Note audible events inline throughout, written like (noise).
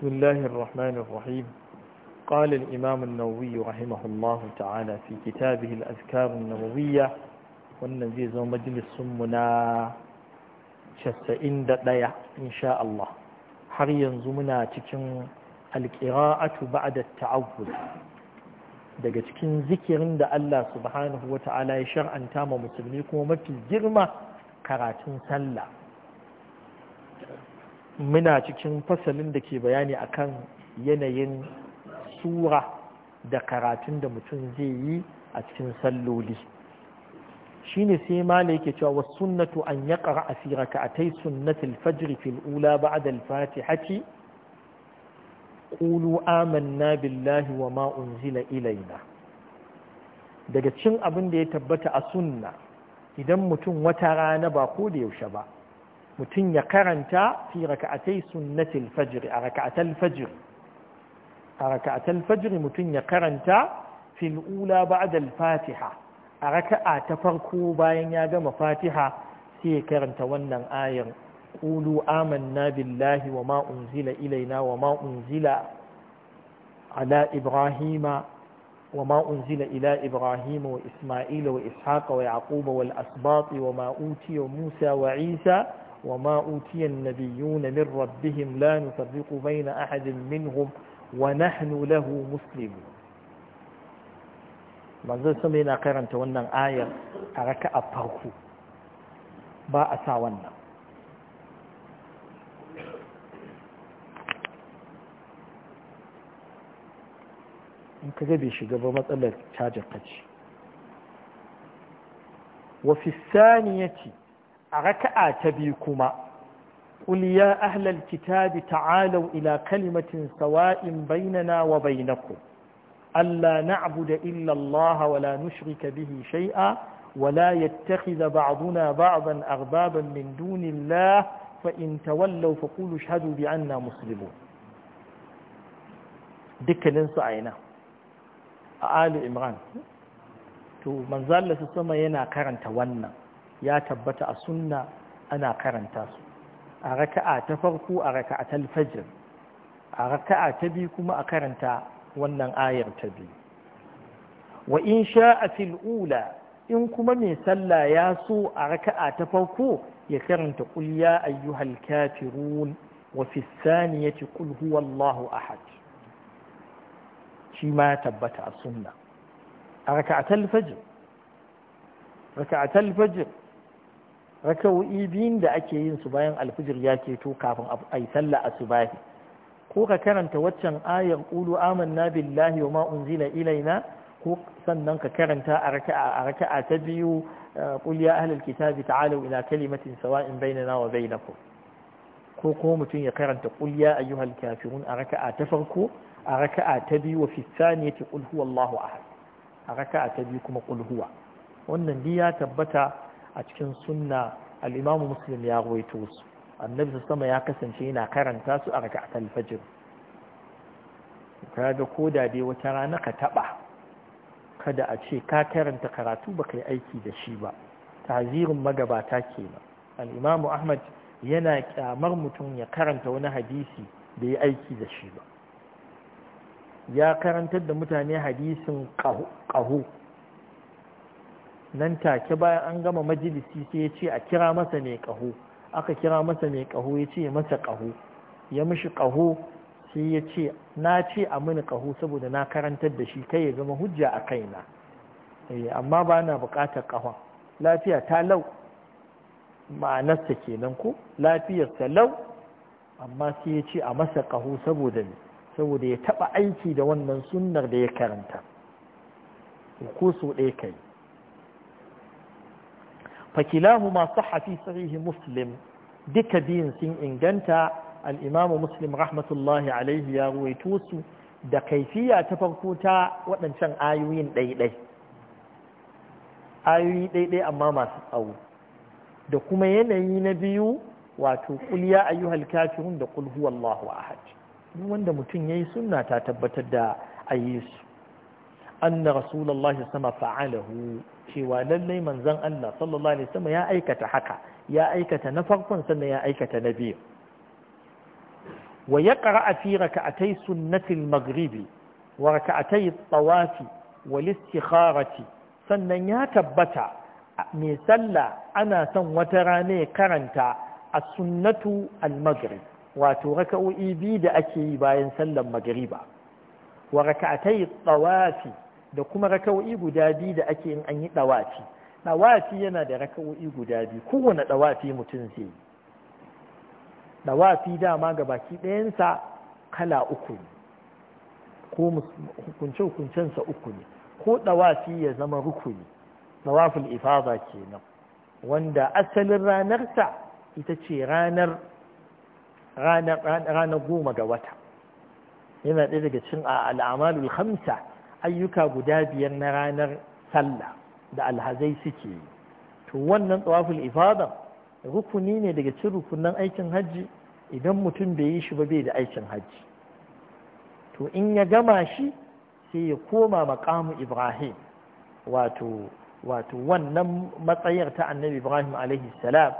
بسم الله الرحمن الرحيم قال الإمام النووي رحمه الله تعالى في كتابه الأذكار النووية والنزيز ومجلس منا شسئن دايا إن شاء الله حريا زمنا تكن القراءة بعد التعوذ daga cikin zikirin da Allah subhanahu wa ta'ala ya shar'anta ma musulmi kuma mafi girma karatun sallah muna cikin fasalin da ke bayani a kan yanayin sura da karatun da mutum zai yi a cikin salloli shine sai mala yake cewa wasu sunnatu an ƙara a ka a ta yi fajr fi fil ula ba'da al-fatihati amanna billahi wa ma unzila ilaina. daga cin abin da ya tabbata a sunna idan mutum wata rana ba ko da yaushe ba mutum ya karanta fi raka'atai sunnatil fajr a raka'atal fajr a raka'atal fajr mutum ya karanta fil ula ba'da al-fatiha a raka'a ta farko bayan ya gama fatiha sai ya karanta wannan ayar qulu amanna billahi wa ma unzila ilaina wa ma unzila ala ibrahima وما أنزل إلى إبراهيم وإسماعيل وإسحاق ويعقوب والأسباط وما أوتي وموسى وعيسى وما أوتي النبيون من ربهم لا نفرق بين أحد منهم ونحن له مسلمون manzon sama yana karanta wannan ayar a raka'a farko ba a sa wannan in ka bai shiga ba matsalar cajar kaci wafi saniya ce a raka'a ta biyu kuma qul ya kitabi ta'alu ila kalimatin sawa'in bainana wa bainakum alla na'budu illa Allah wa la nushrika bihi shay'a wa la yattakhidha ba'duna ba'dan arbaban min su a ali imran to manzo sama yana karanta wannan ya tabbata a sunna ana karanta su a raka'a ta farko a raka'a ta alfajir a raka'a ta biyu kuma a karanta wannan ayar ta biyu wa in sha'a fil ula in kuma mai sallah ya so a raka'a ta farko ya karanta qul ya ayyuhal kafirun wa fi thaniyati qul huwallahu ahad shi ma tabbata a sunna a raka'atal fajr raka'atal fajr raka'o'i biyun da ake yin su bayan alfijir ya keto kafin a yi sallah asubahi ko ka karanta waccan ayar qulu amanna billahi wa ma unzila ilaina ko sannan ka karanta a raka'a a raka'a ta biyu eh, qul ya ahlal kitabi ta'alu ila kalimatin sawa'in bainana wa bainakum ko ko mutum ya karanta qul ya ayyuhal kafirun a raka'a ta farko a raka'a ta biyu wa fi thaniyati qul huwallahu ahad a raka'a ta biyu kuma qul huwa wannan dai ya tabbata a cikin sunna al muslim ya rawaito su annabi sama ya kasance yana karanta su a raka'atul fajr ga ko da dai wata rana ka taba kada a ce ka karanta karatu baka yi aiki da shi ba tazirin magabata kenan al-imamu ahmad yana kyamar mutum ya karanta wani hadisi da ya aiki da shi ba ya karantar da mutane hadisin ƙaho nan take bayan an gama majalisi sai ya ce a kira masa mai ƙaho aka kira masa mai ƙaho ya ce masa ƙaho ya mishi ƙaho sai ya ce na ce a mini ƙaho saboda na karantar da shi kai ya zama hujja a kaina eh, amma ba na buƙatar ƙahon lafiya ta lau ma'anarsa kenan ko lafiyarsa lau amma sai ya ce a masa ƙaho saboda ne saboda ya taɓa aiki da wannan sunnar da ya karanta ko so ɗaya kai Fakilahu masu hafi sahihi مسلم duka biyun sun inganta الإمام muslim rahmatullahi alaihi ya يا رويتوس da kaifiya ta farko ta waɗancan ayoyin ɗaiɗai ayoyi ɗaiɗai amma masu tsawo da kuma yanayi na biyu wato kul ya ayyuhal kafirun da kul allahu ahad wanda mutum yayi sunna ta tabbatar da ayi su anna rasulullahi sama fa'alahu cewa lallai manzon Allah sallallahu alaihi wasallam ya aikata haka ya aikata na farkon sannan ya aikata na biyu wa yaqra fi rak'atay sunnati al-maghribi wa rak'atay at-tawafi wal istikharati sannan ya tabbata mai sallah ana son wata rana ya karanta a sunnatu al-maghrib wato raka'o'i biyu da ake yi bayan sallar magriba wa rak'atay at-tawafi da kuma raka'o'i guda biyu da ake yin an yi ɗawafi ɗawafi yana da raka'o'i guda biyu kowane ɗawafi mutum zai yi ɗawafi dama ga baki ɗayansa kala uku ne ko hukunce-hukuncensa uku ne ko ɗawafi ya zama rukuni ɗawafin ifaza kenan wanda asalin ranarsa ita ce ranar ranar goma ga wata yana ɗaya daga cin al'amalul hamsa ayyuka guda biyar na ranar sallah da alhazai suke yi to wannan tsawaful ifada rukuni ne daga cikin rukunan aikin hajji idan mutum bai yi shi ba bai da aikin hajji to in ya gama shi sai ya koma makamu ibrahim wato wato wannan matsayar ta annabi ibrahim alaihi salam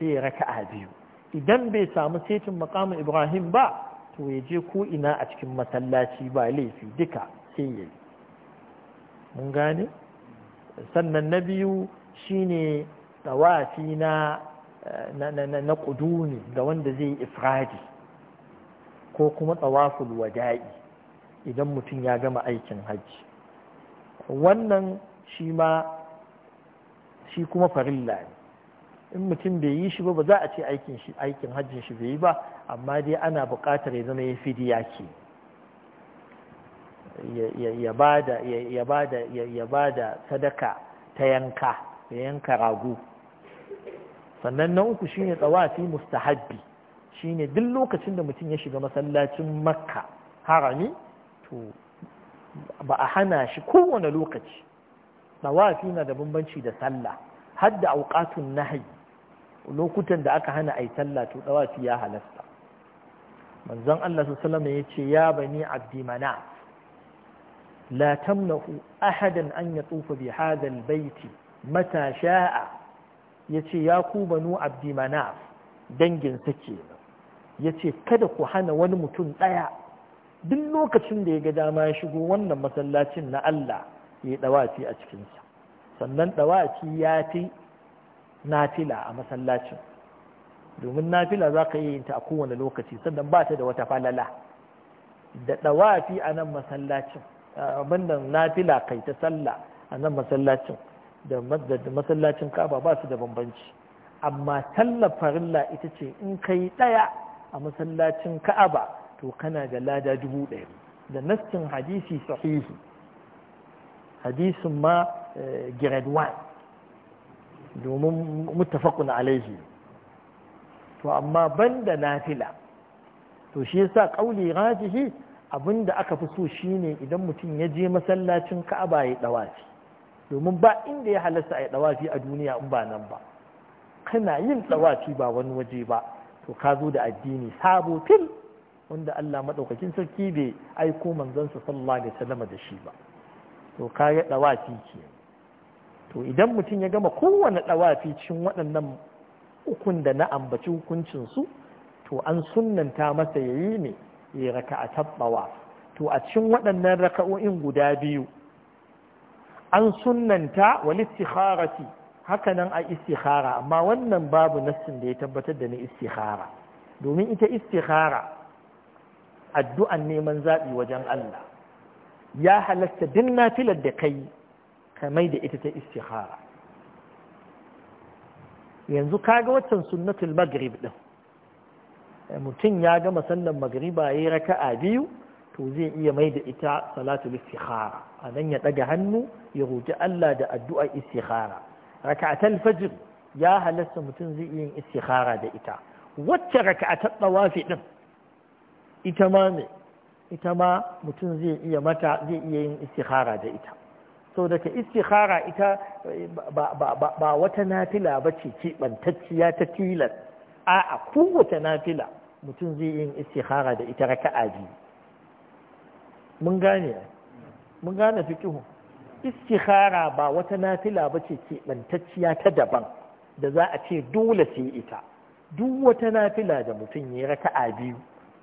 sai ya raka'a biyu idan bai samu setin makamu ibrahim ba to ya je ko ina a cikin masallaci ba laifi duka sai yi mun gane sannan na biyu shine tawafi na na kuduni ga wanda zai ifradi ko kuma tawaful wada'i idan mutum ya gama aikin hajji wannan shi ma shi kuma farilla ne in mutum bai yi shi ba ba za a ce aikin hajjin shi bai yi ba amma dai ana buƙatar ya zama ya fidiya ke ya ba da sadaka ta yanka ya yanka rago sannan na uku shine tsawafi mustahabbi shine duk lokacin da mutum ya shiga masallacin makka harami to ba a hana shi kowane lokaci tsawafi na da bambanci da sallah har da auƙatun nahyi lokutan da aka hana ai sallah to tsawafi ya halasta manzon Allah sallallahu alaihi wasallam ya ce ya bani abdi manaf لا تمنع أحدا أن يطوف بهذا البيت متى شاء يتي ياكو بنو عبد مناف دنجن سكينا يتي كدق حنا ونمتن ضيع duk lokacin da ya ga dama ya shigo wannan masallacin na Allah ya dawaci a cikinsa sannan dawaci ya fi nafila a masallacin domin nafila za ka yi ta a kowane lokaci sannan ba ta da wata falala da dawafi a nan masallacin na nafila kai ta sallah a nan masallacin da masallacin kaba ba su da bambanci amma sallar farilla ita ce in kai ɗaya a masallacin ka'aba to kana da lada dubu ɗaya da nassin hadisi sahihi hadisin ma eh, grade 1 domin mutafakun alaihi to amma banda nafila to shi yasa kauli rajihi abin da aka fi so shine idan mutum ya je masallacin ka'aba ya dawafi domin ba inda ya halasta a dawafi a duniya in ba nan ba kana yin dawafi ba wani waje ba to ka zo da addini sabo fil wanda Allah madaukakin sarki bai aiko manzansa sallallahu alaihi wasallam da shi ba to ka ga dawafi ke to idan mutum ya gama kowane dawafi cikin waɗannan ukun da na ambaci hukuncin su to an sunnanta masa yayi ne ya raka a tabbawa to a cikin waɗannan raka'o'in guda biyu an sunnanta wani istikharati haka nan a istikhara amma wannan babu nassin da ya tabbatar da na istikhara domin ita istikhara addu'an neman zaɓi wajen Allah ya halasta din nafilar da kai kamai da ita ta istikhara yanzu kaga waccan sunnatul maghrib din mutum ya gama sallan magriba ya yi raka'a biyu to zai iya mai da ita salatu istikhara a nan ya ɗaga hannu ya roƙi Allah da addu'a istikhara raka'atul fajr ya halasta mutum zai iya istikhara da ita wacce raka'atul tawafi din ita ma ne ita ma mutum zai iya mata zai iya yin istikhara da ita so daga istikhara ita ba wata nafila bace ce bantacciya ta tilas a'a kowace nafila mutum zai yin istikhara da ita raka'a biyu mun gane mun gane fikihu istikhara ba wata nafila bace ce keɓantacciya ta daban da za a ce dole sai ita duk wata nafila da mutum ya raka'a biyu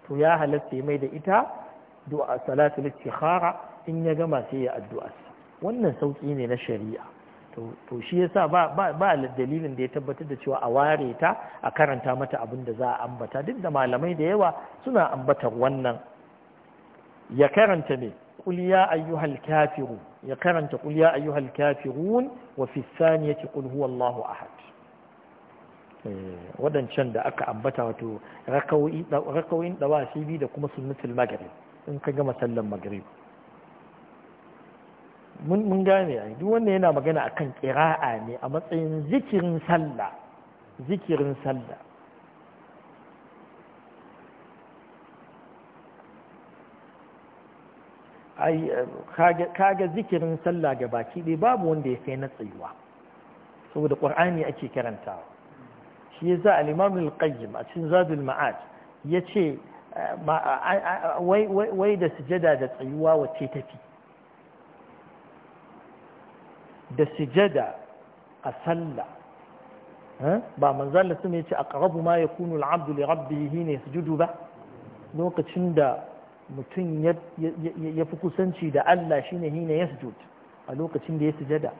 to ya halatta mai da ita du'a salatul istikhara in ya gama sai ya addu'a wannan sauki ne na shari'a to shi yasa ba ba dalilin da ya tabbatar da cewa a ware ta a karanta mata abin da za a ambata duk da malamai da yawa suna ambatar wannan ya karanta ne qul ya ayyuhal kafirun ya karanta qul ya ayyuhal kafirun wa fi thaniyati qul huwallahu ahad eh, wadancan da aka ambata wato rakawin dawa shi bi da kuma sunnatul maghrib in ka gama sallan maghrib mun gane ai duk wanda yana magana akan kira'a ne a matsayin zikirin sallah zikirin sallah ai kaga zikirin sallah ga baki ɗaya babu wanda ya sai na tsayuwa saboda ƙwar'ani ake karantawa shi yasa al-imam al-qayyim a cikin zadul ma'ad ya ce wai da sujada da tsayuwa wacce tafi da sujada a sallah ba manzan da suna yace aqrabu ma yakunu al-abdu li rabbih hina sujudu ba lokacin da mutum ya fi kusanci da Allah shine hina yasjud a lokacin da ya sujada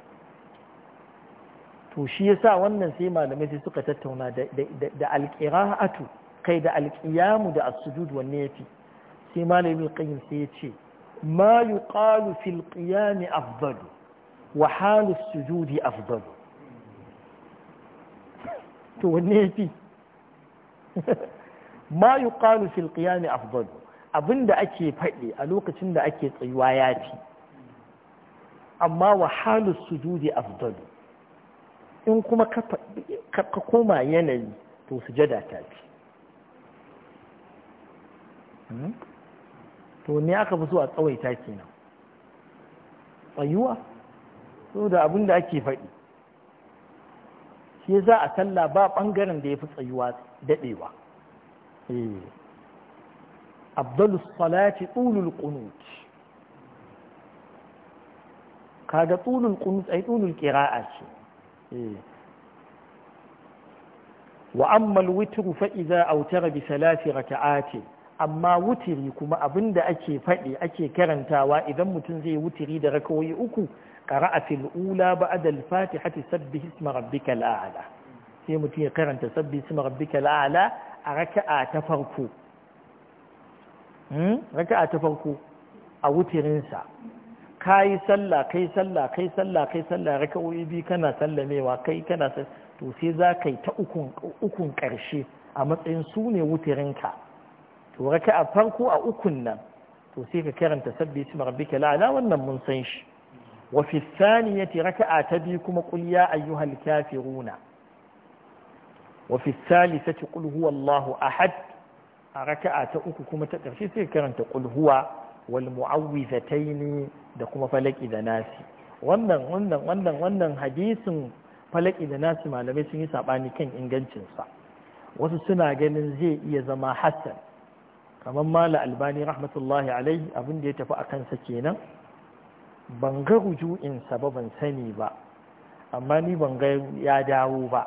to shi yasa wannan sai malamai sai suka tattauna da alƙira'atu kai da alƙiyamu da as-sujud wanne yafi sai malamin qayyim sai ya ce ma yuqalu fil qiyam afdalu وحال السجود أفضل (laughs) تونيتي (laughs) ما يقال في القيام أفضل ف ض ل أ ب ن د أ طيواياتي أ وحال السجود أفضل ف ض ل إ ن كما كقوما يني تسجدك ا ت و ن ي ايوه so da abin da ake faɗi shi za a sallah ba ɓangaren da ya fi tsayuwa daɗewa eh. abdullu salati tsulul qunut kaga tsulul qunut ai tsulul qira'a ce eh. wa amma al-witr fa idza awtara bi salati raka'atin amma wutiri kuma abin da ake faɗi ake karantawa idan mutum zai wutiri da rakawoyi uku ƙara'a fil ula ba'da al-fatihati sabbih isma rabbikal a'la sai mutum ya karanta sabbih isma rabbikal a'la a raka'a ta farko hmm? raka'a ta farko a wutirin sa kai sallah kai sallah kai sallah kai sallah raka'o'i bi kana sallamewa kai kana to sai za kai ta ukun ukun karshe a matsayin su ne wutirinka to a farko a ukun nan to sai ka karanta sabbi isma rabbika la'ala wannan mun san shi wa fi thaniyati raka'a ta biyu kuma qul ya ayyuhal kafiruna wa fi thalithati qul huwallahu ahad a raka'a ta uku kuma ta ƙarshe sai karanta qul huwa wal mu'awwizataini da kuma falaki da nasi wannan wannan wannan wannan hadisin falaki da nasi malamai sun yi sabani kan ingancinsa wasu suna ganin zai iya zama hassan kamar mala albani rahmatullahi alaihi abin da ya tafi a kansa kenan ban ga rujuinsa ba ban sani ba amma ni ban ga ya dawo ba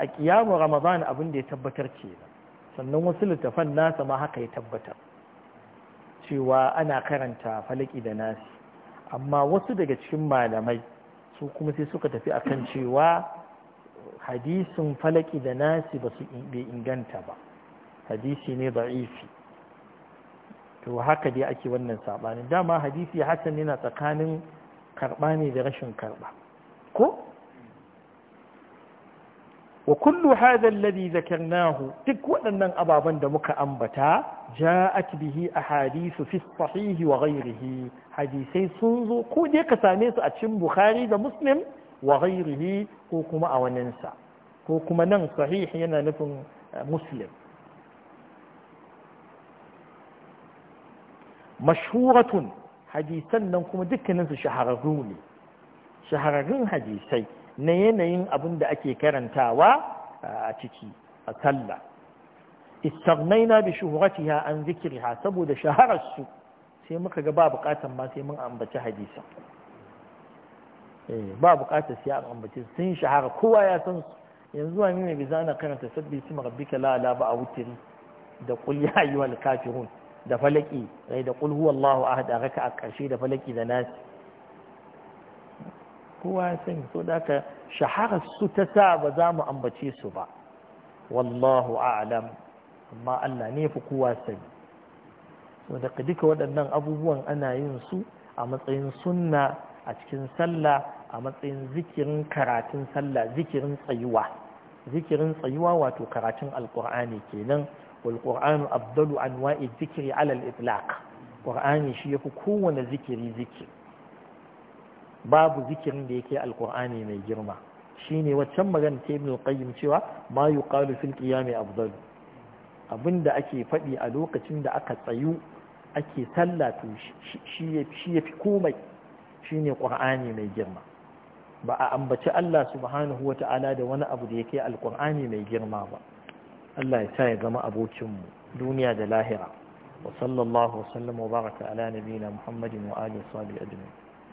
a kiyamu ramadan abin da ya tabbatar kenan sannan wasu littafan nasa ma haka ya tabbatar cewa ana karanta falaki da nasi amma wasu daga cikin malamai su kuma sai suka tafi akan cewa hadisin falaki da nasi ba su inganta ba hadisi ne da'ifi to haka dai ake wannan saɓani dama hadisi Hassan yana tsakanin karɓa ne da rashin karɓa ko wa kullu hadha alladhi zakarnahu duk waɗannan ababen da muka ambata ja'at bihi ahadithu fi sahihi wa ghayrihi hadisai sun zo ko dai ka same su a cikin bukhari da muslim wa ghayrihi ko kuma a waninsa ko kuma nan sahih yana nufin eh, muslim mashhuratun hadisan nan kuma dukkaninsu shahararru ne shahararrun hadisai na yanayin abin da ake karantawa a ciki a sallah istagnaina bi shuhuratiha an zikriha saboda shahararsu sai muka ga ba bukatan ma sai mun ambaci hadisa ba bukatar sai an ambaci sun shahara kowa ya san su yanzu wani ne bi zana karanta sabbi sima rabbika la ba a wutiri da qul ya ayyuhal kafirun da falaki sai da qul huwallahu ahad a raka a ƙarshe da falaki da nasi kowa ya sani so da ka shahara su ta sa ba za mu ambace su ba wallahu a'lam amma Allah ne fi kowa sani so da duka waɗannan abubuwan ana yin su a matsayin sunna a cikin sallah a matsayin zikirin karatun sallah zikirin tsayuwa zikirin tsayuwa wato karatun alkur'ani kenan والقرآن أفضل أنواع الذكر على الإطلاق قرآن شيخ كون ذكري ذكر باب ذكر ليك mai girma. جرمه shine waccan magana ta ibn qayyim cewa ma yuqalu fil qiyami afdal abinda ake faɗi a lokacin da aka tsayu ake sallah to shi shi yafi komai shine qur'ani mai girma ba a ambaci Allah subhanahu wata'ala da wani abu da yake alqur'ani mai girma ba Allah ya sa ya zama abokinmu duniya da lahira wa sallallahu wa wa baraka ala nabiyina Muhammadin wa alihi wa sahbihi ajma'in